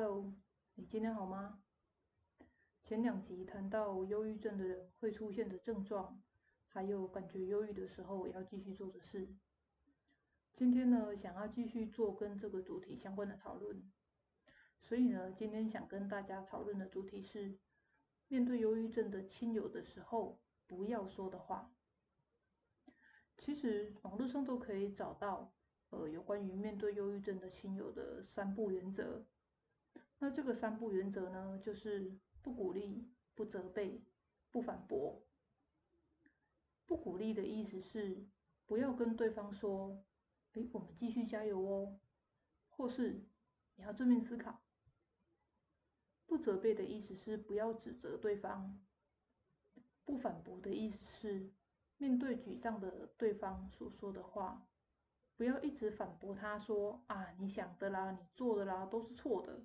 Hello，你今天好嗎？前兩集談到憂鬱症的人會出現的症狀，還有感覺憂鬱的時候要繼續做的事。今天呢，想要繼續做跟這個主題相關的討論。所以呢，今天想跟大家討論的主題是，面對憂鬱症的親友的時候不要說的話。其實網絡上都可以找到，呃，有關於面對憂鬱症的親友的三不原則。那這個三不原則呢，就是不鼓勵、不責備、不反駁。不鼓勵的意思是不要跟對方說，誒、欸，我們繼續加油哦，或是你要正面思考。不責備的意思是不要指責對方。不反駁的意思是面對沮喪的對方所說的話，不要一直反駁他說啊，你想的啦，你做的啦都是錯的。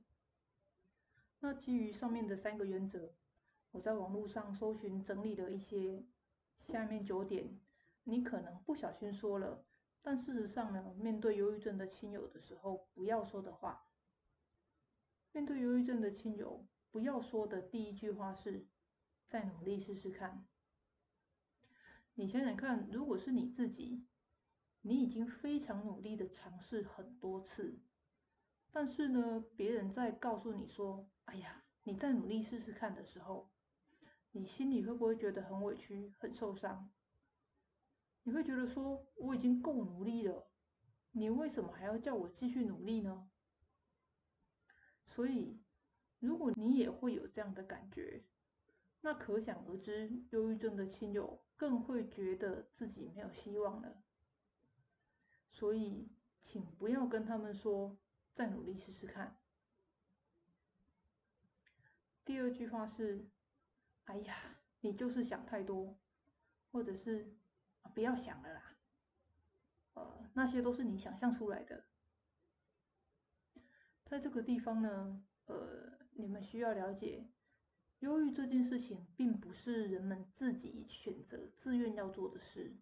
那基於上面的三個原則，我在網絡上搜尋整理了一些下面九點，你可能不小心說了，但事實上呢，面對憂鬱症的親友的時候，不要說的話。面對憂鬱症的親友，不要說的第一句話是“再努力試試看”。你想想看，如果是你自己，你已經非常努力的嘗試很多次，但是呢，別人在告訴你說。哎呀，你再努力試試看的時候，你心裡會不會覺得很委屈、很受傷？你會覺得說我已經夠努力了，你為什麼還要叫我繼續努力呢？所以，如果你也會有這樣的感覺，那可想而知，憂鬱症的親友更會覺得自己沒有希望了。所以，請不要跟他們說再努力試試看。第二句話是：“哎呀，你就是想太多，或者是、啊、不要想了啦，呃，那些都是你想象出來的。”在這個地方呢，呃，你們需要了解，憂鬱這件事情並不是人們自己選擇、自願要做的事。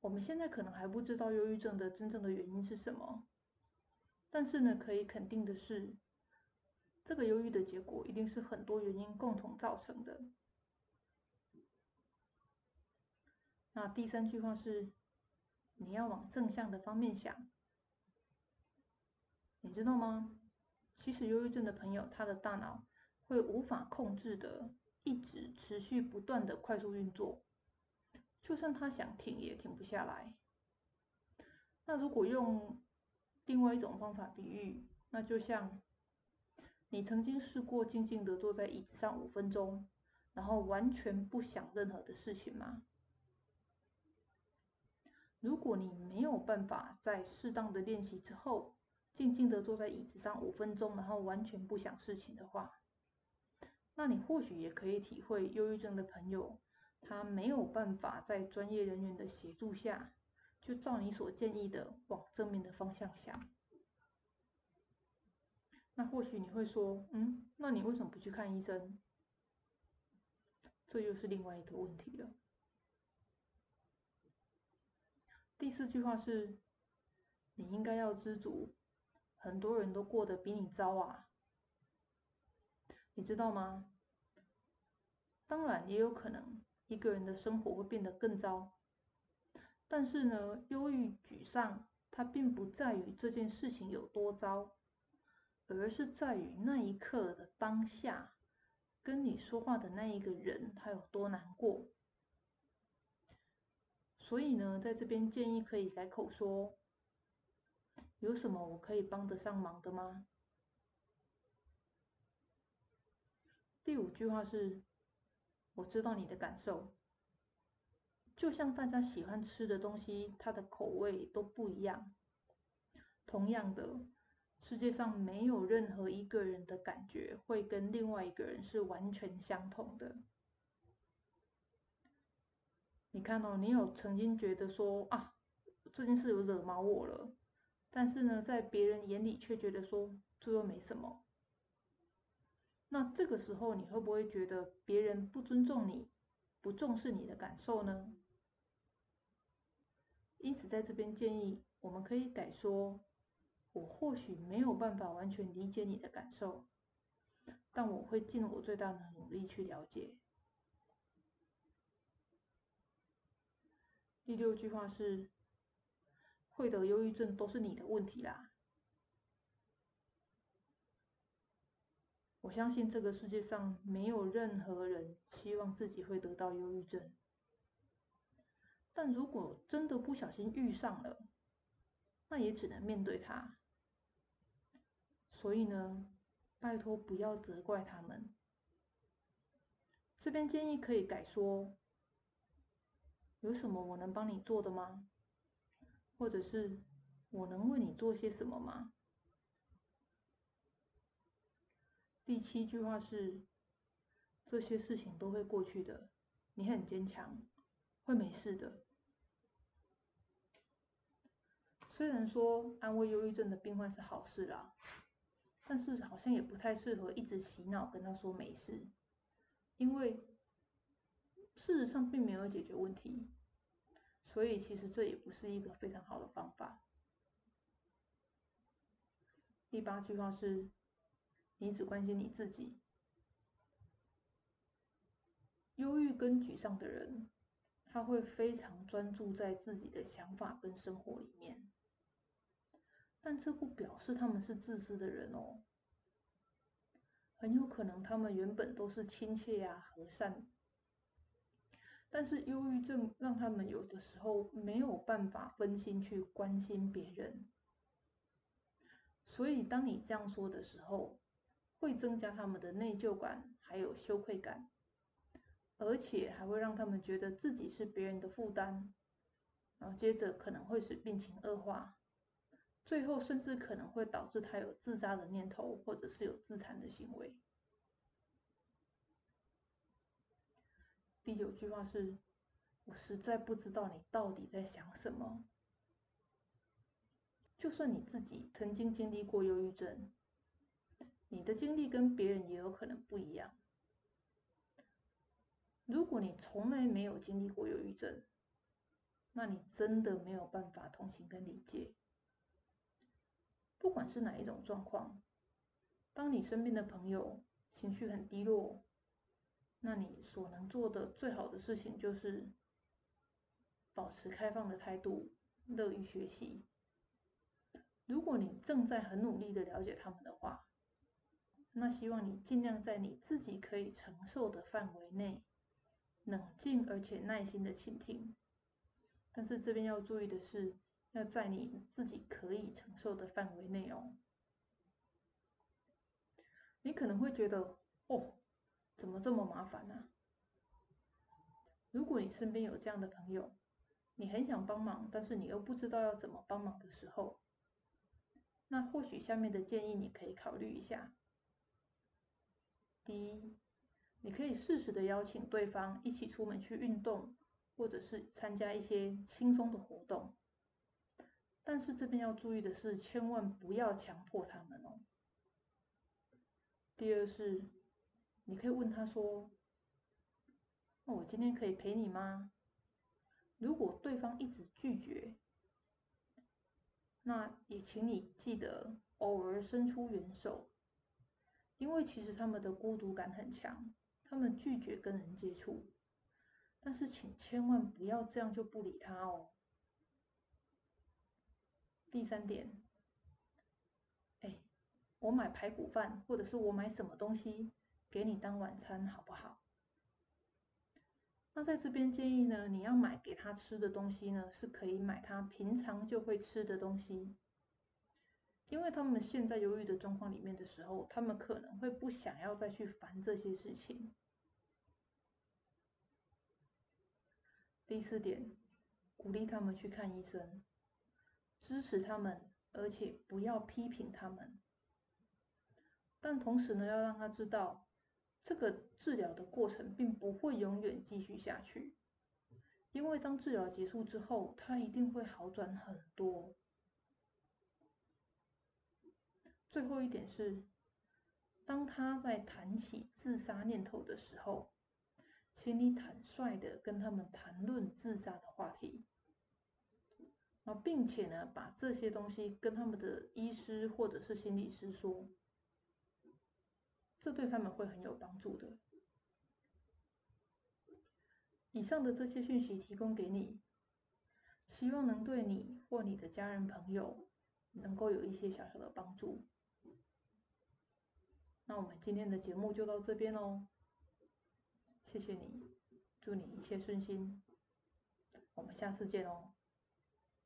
我們現在可能還不知道憂鬱症的真正的原因是什麼，但是呢，可以肯定的是，這個憂鬱的結果一定是很多原因共同造成的。那第三句話是，你要往正向的方面想。你知道嗎？其實憂鬱症的朋友，他的大腦會無法控制的，一直持續不斷的快速運作，就算他想停也停不下來。那如果用另外一種方法比喻，那就像……你曾經試過靜靜地坐在椅子上五分鐘，然後完全不想任何的事情嗎？如果你沒有辦法在適當的練習之後，靜靜地坐在椅子上五分鐘，然後完全不想事情的話，那你或許也可以體會，憂鬱症的朋友他沒有辦法在專業人員的協助下，就照你所建議的往正面的方向想。那或許你會說，嗯，那你為什麼不去看醫生？這又是另外一個問題了。第四句話是，你應該要知足，很多人都過得比你糟啊，你知道嗎？當然也有可能一個人的生活會變得更糟，但是呢，憂鬱沮喪，它並不在於這件事情有多糟。而是在於那一刻的當下，跟你說話的那一個人他有多難過。所以呢，在這邊建議可以改口說：“有什麼我可以幫得上忙的嗎？”第五句話是：“我知道你的感受。”就像大家喜歡吃的東西，它的口味都不一樣，同樣的。世界上沒有任何一個人的感覺會跟另外一個人是完全相同的。你看哦，你有曾經覺得說啊，這件事有惹毛我了，但是呢，在別人眼裡卻覺得說這又沒什麼。那這個時候你會不會覺得別人不尊重你、不重視你的感受呢？因此，在這邊建議，我們可以改說。我或許沒有辦法完全理解你的感受，但我會盡我最大的努力去了解。第六句話是：會得憂鬱症都是你的問題啦。我相信這個世界上沒有任何人希望自己會得到憂鬱症，但如果真的不小心遇上了，那也只能面對它。所以呢，拜託不要責怪他們。這邊建議可以改說：“有什麼我能幫你做的嗎？”或者是我能為你做些什麼嗎？第七句話是：“這些事情都會過去的，你很堅強，會沒事的。”雖然說安慰憂鬱症的病患是好事啦。但是好像也不太適合一直洗腦跟他說沒事，因為事實上並沒有解決問題，所以其實這也不是一個非常好的方法。第八句話是，你只關心你自己。憂鬱跟沮喪的人，他會非常專注在自己的想法跟生活裡面。但這不表示他們是自私的人哦，很有可能他們原本都是親切呀、啊、和善，但是憂鬱症讓他們有的時候沒有辦法分心去關心別人，所以當你這樣說的時候，會增加他們的內疚感還有羞愧感，而且還會讓他們覺得自己是別人的負擔，然後接着可能會使病情惡化。最後，甚至可能會導致他有自殺的念頭，或者是有自殘的行為。第九句話是：我實在不知道你到底在想什麼。就算你自己曾經經歷過憂鬱症，你的經歷跟別人也有可能不一樣。如果你從來沒有經歷過憂鬱症，那你真的沒有辦法同情跟理解。不管是哪一種狀況，當你身邊的朋友情緒很低落，那你所能做的最好的事情就是保持開放的態度，樂於學習。如果你正在很努力的了解他們的話，那希望你盡量在你自己可以承受的範圍內，冷靜而且耐心的傾聽。但是這邊要注意的是。要在你自己可以承受的範圍內哦。你可能會覺得，哦，怎麼這麼麻煩呢、啊？如果你身邊有這樣的朋友，你很想幫忙，但是你又不知道要怎麼幫忙的時候，那或許下面的建議你可以考慮一下。第一，你可以適時的邀請對方一起出門去運動，或者是參加一些輕鬆的活動。但是這邊要注意的是，千萬不要強迫他們哦。第二是，你可以問他說：“那我今天可以陪你嗎？”如果對方一直拒絕，那也請你記得偶爾伸出援手，因為其實他們的孤獨感很強，他們拒絕跟人接觸。但是請千萬不要這樣就不理他哦。第三點，哎、欸，我買排骨飯，或者是我買什麼東西給你當晚餐，好不好？那在這邊建議呢，你要買給他吃的東西呢，是可以買他平常就會吃的東西，因為他們現在憂鬱的狀況裡面的時候，他們可能會不想要再去煩這些事情。第四點，鼓勵他們去看醫生。支持他們，而且不要批評他們。但同時呢，要讓他知道，這個治療的過程並不會永遠繼續下去，因為當治療結束之後，他一定會好轉很多。最後一點是，當他在談起自殺念頭的時候，請你坦率的跟他們談論自殺的話題。然後，並且呢，把這些東西跟他們的醫師或者是心理師說，這對他們會很有幫助的。以上的這些訊息提供給你，希望能對你或你的家人朋友能夠有一些小小的幫助。那我們今天的節目就到這邊嘍，謝謝你，祝你一切順心，我們下次見哦。